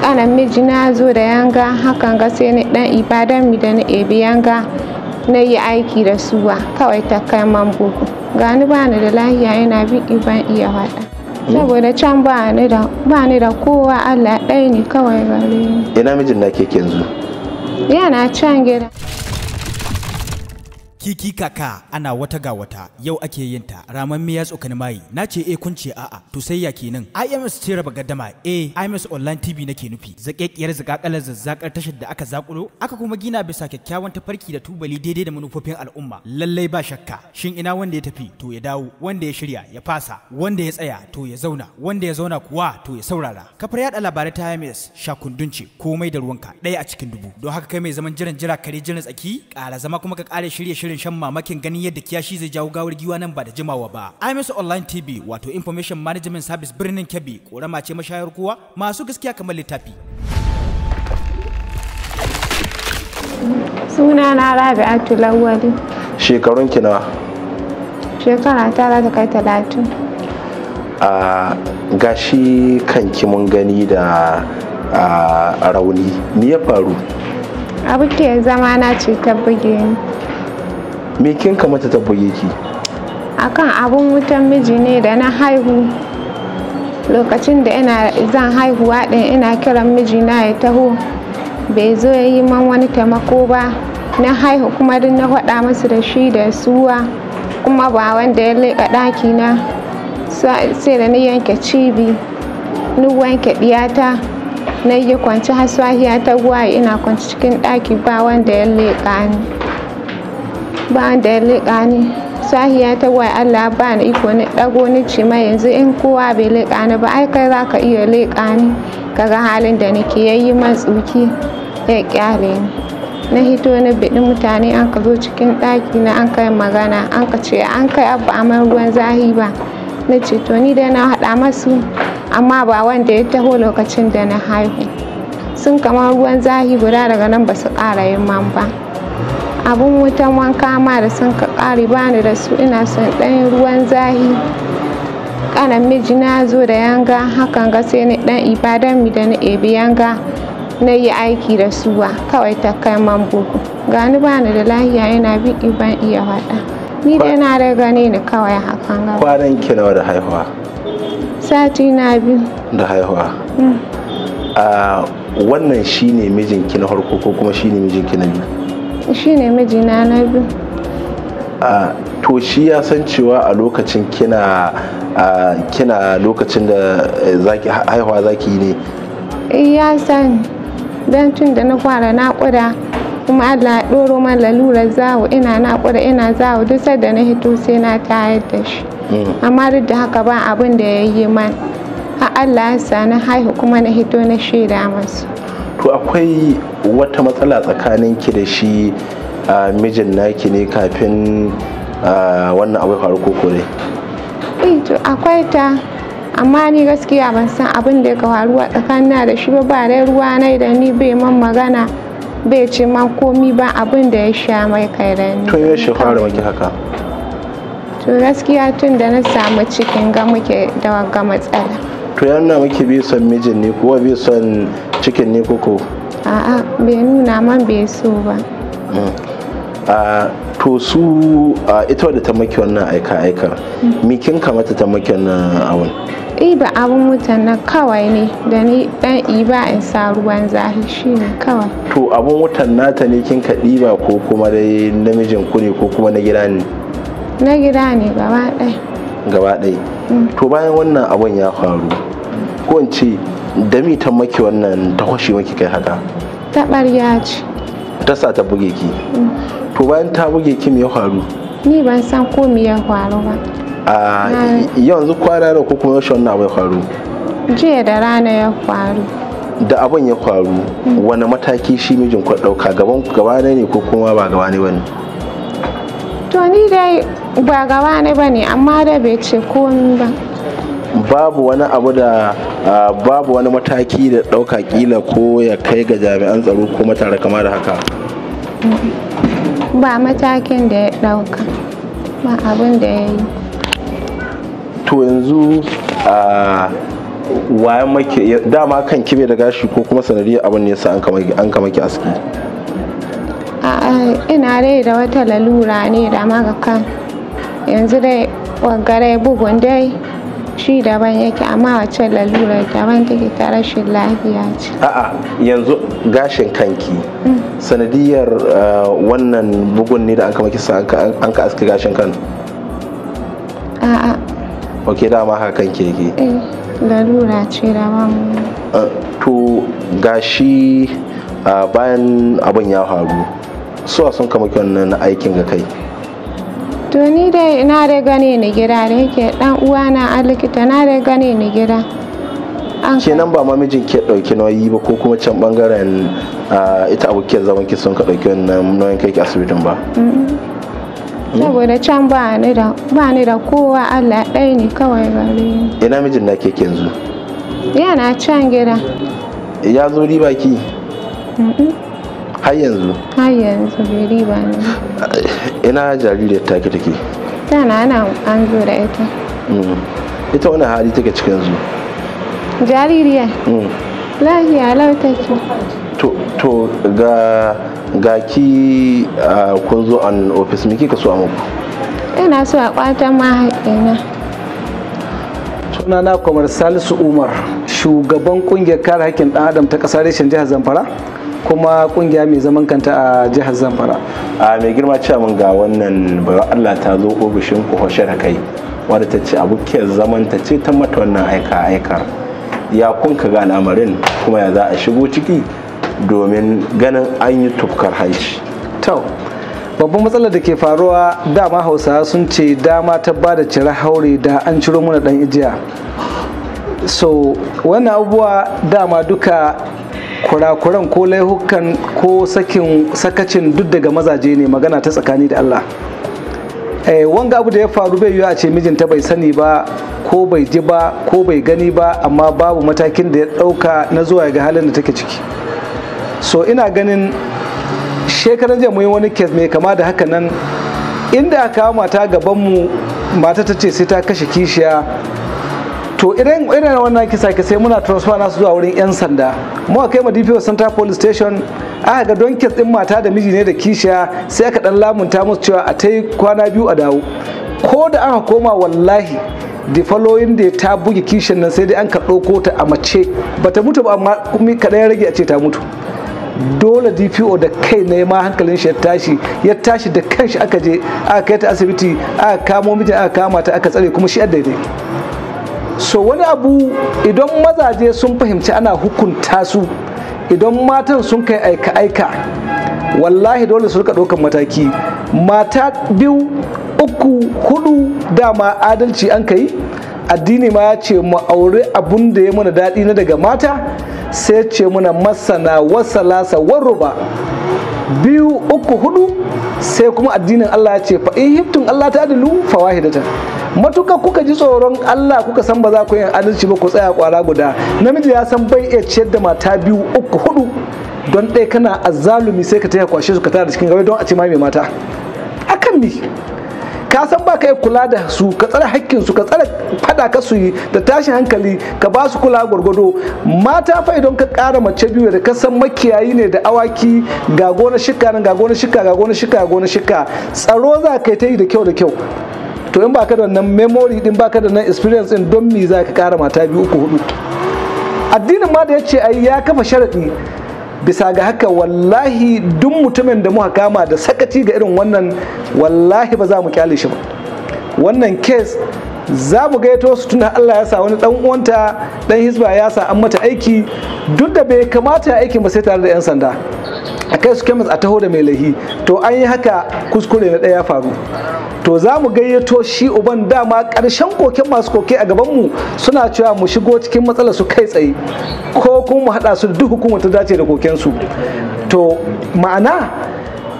kanan mijina zo da yanga hakan ga sai ni dan ibadan mi da ni ebi yanga na yi aiki da suwa kawai ta kai man buku gani bani da lahiya yana bi ban iya wada hmm? saboda can ba ni da ba ni da kowa Allah ɗaya ne kawai gare ni ina mijin na ke yanzu yana can gida kiki kaka ana wata ga wata yau ake yin ta raman miya tsokani mayi na ce eh kun ce a'a to sai ya kenan IMS ce raba gaddama eh IMS online TV nake nufi zakekiyar zakakalar zazzakar tashar da aka zakulo aka kuma gina bisa kyakkyawan tafarki da tubali daidai da manufofin al'umma lallai ba shakka shin ina wanda ya tafi to ya dawo wanda ya shirya ya fasa wanda ya tsaya to ya zauna wanda ya zauna kuwa to ya saurara kafar yada labarai ta IMS shakundun ce komai da ruwanka ɗaya a cikin dubu don haka kai mai zaman jiran jira kare jiran tsaki ƙara zama kuma ka ƙare shirye shirin shan mamakin ganin yadda kiyashi zai jawo gawar giwa nan ba da jimawa ba IMS Online TV wato Information Management Service birnin Kebbi korama ce mashayar kowa masu gaskiya kamar littafi suna na Rabi'atu Lawali shekarun ki nawa shekara tara da kai talatin a gashi kanki mun gani da rauni Ni ya faru abu ke zama na ce ta buge ni me kin kamata ta ki akan abun wutan miji ne da na haihu lokacin da ina zan haihuwa ɗin ina kiran mijina ya taho bai zo ya yi man wani taimako ba na haihu kuma din na faɗa masu da shi da suwa kuma ba wanda ya leƙa ɗaki na sai da ni yanke cibi ni wanke ɗiyata na yi kwanci haswahiya ta guwaye ina kwanci cikin ɗaki ba wanda ya leka ni ba da liƙa ni sahiya ta wai allah ba ni iko ni ɗago ni ce mai yanzu in kowa bai liƙa ni ba ai kai za ka iya liƙa ni kaga halin da nake yayi matsuki ya ƙyale ni na hito na biɗi mutane an ka zo cikin ɗaki na an kai magana an ka ce an kai abu a ruwan zahi ba na ce to ni dai na haɗa masu amma ba wanda ya taho lokacin da na haihu sun kama ruwan zahi guda daga nan ba su ƙara yin man ba abun wutan wanka ma da sun ka bani da su ina son ɗan ruwan zahi ƙanan miji na zo da yanga hakan ga sai ni ɗan ibadan mi da na ebi yanga na yi aiki da suwa kawai ta kai man bugu gani bani da lahiya yana biki ban iya faɗa ni dai na da gane ni kawai hakan ga kwanan ki nawa da haihuwa sati na biyu da haihuwa mm. a ah, wannan shine mijinki na farko ko kuma shine mijinki na biyu shi ne mijina na biyu a to shi ya san cewa a lokacin kina kina lokacin da eh, zaki haihuwa zaki ne eh, ya san don tun da na fara naƙuda kuma allah ya ɗoro man lalura zawo ina naƙuda ina zawo duk da na hito sai na tayar da shi mm. amma duk da haka ba abin da ya yi man allah ya sani haihu kuma na hito na shaida masu to akwai wata matsala tsakanin ki da shi mijin naki ne kafin wannan abu faru ko kore? Eh to akwai ta amma ni gaskiya ban san abin da ya faru a tsakanina da shi ba ba dai ruwa nai da ni bai man magana bai ce man komi ba abin da ya sha mai kai da ni to ya shi fara maki haka to gaskiya tun da na samu cikin ga muke da ga matsala to ya nuna miki bai son mijin ne kuwa bai son cikin ne koko a'a bai nuna man bai so ba hmm. to su ita wadda ta maki wannan aika aika hmm. mikin kamata ta maki wannan awon eh, ba abun wutan na kawai ne da ni dan iba in sa ruwan zahi shi ne kawai to abun wutan nata ne kin ka ɗiba ko kuma dai namijin ku ne ko kuma na gida ne na gida ne gaba ɗaya gaba ɗaya to bayan wannan abun ya faru ko in ce da mi ta maki wannan ta kwashe maki kai haka ta ɓarya ce ta sa ta buge ki to bayan ta buge ki me ya faru ni ban san ko me ya faru ba a yanzu kwana da ko kuma yaushe wannan abu ya faru jiya da rana ya faru da abin ya faru mm. wani mataki shi mijin ku ɗauka gaban gaba ne ko kuma ba gaba ne ne? to ni dai ba gaba ne ba ne amma da bai ce komi ba babu wani abu da babu wani mataki da ɗauka kila ko ya kai ga jami'an tsaro ko matara kama da haka ba matakin da ya ɗauka ba abin da ya yi to yanzu a wayan make dama kan kibe da gashi ko kuma sanadiyar abin ne yasa an kama ki aski ina rai da wata lalura ne da ga kan yanzu dai wangare bugun dai shi daban yake amma wacce lalura daban take ta rashin lafiya ce a'a yanzu gashin kanki mm. sanadiyar uh, wannan bugun ne da an kama kisa an ka aski gashin kan a'a ok dama haka kanki yake eh, lalura ce daban uh, to gashi uh, bayan abin ya faru suwa sun kama wannan aikin ga kai to ni dai na dai gane ni gida da yake dan uwana a likita na dai gane ni gida kenan ba mamijin ke dauki nauyi ba ko kuma can bangaren ita abokiyar zaman ki sun ka dauki wannan nauyin kai ki asibitin ba hmm? saboda can ba ni da ba ni da kowa Allah ɗaya ne kawai gare ni ina mijin na ke yanzu yana can gida ya zo riba ki har yanzu har yanzu bai riba ne ina jaririyar take take tana ana an zo da ita mm. ita wani hali take cikin zu jaririya mm. lafiya lau take to ga ga ki kun zo an ofis miki ka so a muku ina so a kwatan mahaifina sunana kamar salisu umar shugaban kungiyar kare haƙƙin ɗan adam ta ƙasar reshen jihar zamfara kuma kungiya mai zaman kanta a jihar zamfara a mai girma cewa mun ga wannan bayan allah ta zo ofishin ku hoshe da kai wadda ta ce abokiyar zaman ta ce ta mata wannan aika aikar ya kun ka ga al'amarin kuma ya za a shigo ciki domin ganin an yi tufkar hanci to babban matsalar da ke faruwa dama hausawa sun ce dama ta ba da cire haure da an ciro muna dan ijiya so wannan abubuwa dama duka kurakuran ko laihukan ko sakin sakacin duk daga mazaje ne magana ta tsakani da Allah eh, wanga abu da ya faru bai yi a ce mijinta bai sani ba ko bai ji ba ko bai gani ba amma babu matakin da ya ɗauka na zuwa ga halin da take ciki so ina ganin shekarar jiya muyi wani kes mai kama da haka nan inda aka mata gabanmu mata ta ce sai ta kashe kishiya to irin irin wannan kisa sai muna transfer nasu zuwa wurin yan sanda mu kai ma DPO Central Police Station aka ga don kes din mata da miji ne da kishiya sai aka dan lamunta musu cewa a tai kwana biyu a dawo ko da aka koma wallahi da following da ta buge kishin nan sai dai an ka ɗauko ta a mace ba ta mutu ba amma kuma kaɗai rage a ce ta mutu dole dpo da kai ne ma hankalin shi ya tashi ya tashi da kanshi aka je aka kai ta asibiti aka kamo mijin aka kama ta aka tsare kuma shi daidai so wani abu idan mazaje sun fahimci ana hukunta su idan matan sun kai aika-aika wallahi dole su rika ɗaukan mataki mata biyu uku hudu dama adalci an kai addini ma ya ce mu aure abun da ya muna daɗi na daga mata sai ce muna masana wasalasa warruba biyu uku hudu sai kuma addinin Allah ya ce fa Allah ta adilu fawahidatan matuka kuka ji tsoron Allah kuka san ba za ku yi adalci ba ku tsaya kwara guda namiji ya san bai iya ciyar da mata biyu uku hudu don ɗaya kana azzalumi sai ka taya kwashe su ka tara da cikin gaba don a ce ma mai mata akan ni ka san ba kai kula da su ka tsare hakkin su ka tsare fada ka su da tashin hankali ka ba su kula gwargwado mata fa idan ka ƙara mace biyu da ka san makiyayi ne da awaki ga gona shika nan ga gona shika ga gona shika ga gona shika tsaro za ka yi ta yi da kyau da kyau to in baka da nan memory din baka da nan experience din don me za ka kara mata biyu uku hudu addinin ma da ya ce ai ya kafa sharaɗi bisa ga haka wallahi duk mutumin da muka kama da sakaci ga irin wannan wallahi ba za mu kyale shi ba wannan case za mu gaito su tuna Allah ya sa wani dan uwanta dan hisba ya sa an mata aiki duk da bai kamata aikin ba sai tare da yan sanda a kai su kemis a taho da mai lahi to an yi haka kuskure na ɗaya faru to za mu gayyato shi uban dama ƙarshen koken masu koke a gabanmu suna cewa mu shigo cikin matsalar su kai tsaye ko kuma mu haɗa su duk hukumar ta dace da kokensu to ma'ana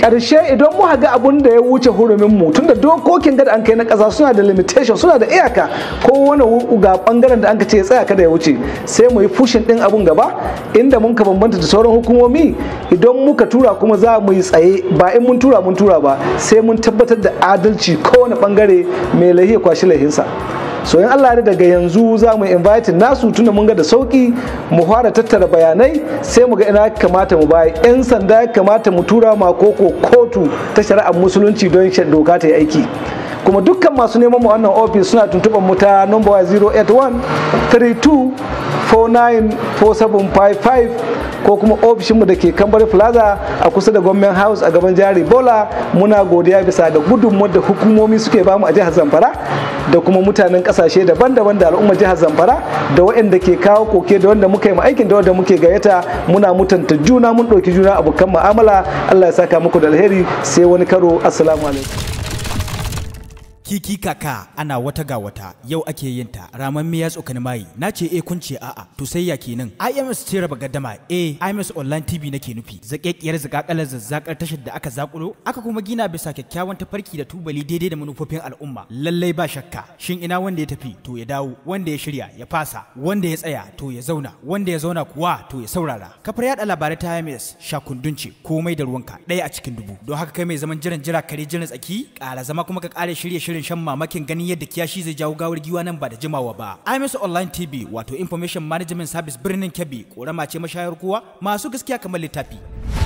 Karshe idan mu haga abun da ya wuce hurumin mu tunda dokokin gada an kai na kasa suna da limitation suna da iyaka ko wani ga bangaren da an ce ya tsaya kada ya wuce sai mu yi fushin din abun gaba inda mun ka bambanta da sauran hukumomi idan muka tura kuma za mu yi tsaye ba in mun tura mun tura ba sai mun tabbatar da adalci kowane bangare mai lahiya kwashi lahinsa so in Allah ne daga yanzu za mu invite nasu tuna mun ga da sauki mu fara tattara bayanai sai mu ga ina kamata mu bayi yan sanda ya kamata mu tura ma koko kotu ta shari'ar musulunci don shan doka ta yi aiki kuma dukkan masu neman mu wannan ofis suna tuntuɓar mu ta number 081 32 49 4755 ko kuma ofishinmu da ke kambar plaza a kusa da gwamnan house a gaban jihar bola muna godiya bisa da gudunmuwar da hukumomi suke bamu a jihar zamfara da kuma mutanen kasashe daban-daban da al'ummar jihar zamfara da waɗanda ke kawo koke da wanda muka yi aikin da wanda muke gayyata muna mutunta juna mun ɗauki juna abokan mu'amala allah ya saka muku da alheri sai wani karo assalamu alaikum kiki kaka ana wata ga wata yau ake yin ta raman miya tsokani mayi na ce eh kun ce a'a to sai ya kenan IMS ce raba gaddama eh IMS online TV nake nufi zakekiyar zakakalar zazzakar tashar da aka zakulo aka kuma gina bisa kyakkyawan tafarki da tubali daidai da manufofin al'umma lallai ba shakka shin ina wanda ya tafi to ya dawo wanda ya shirya ya fasa wanda ya tsaya to ya zauna wanda ya zauna kuwa to ya saurara kafar yada labarai ta IMS shakundunci ce komai da ruwanka ɗaya a cikin dubu don haka kai mai zaman jiran jira kare jiran tsaki ƙara zama kuma ka ƙara shirye shirye shirin shan mamakin ganin yadda kiyashi zai jawo gawar giwa nan ba da jimawa ba. IMS Online TV wato Information Management Service birnin Kebbi korama ce mashayar kowa masu gaskiya kamar littafi.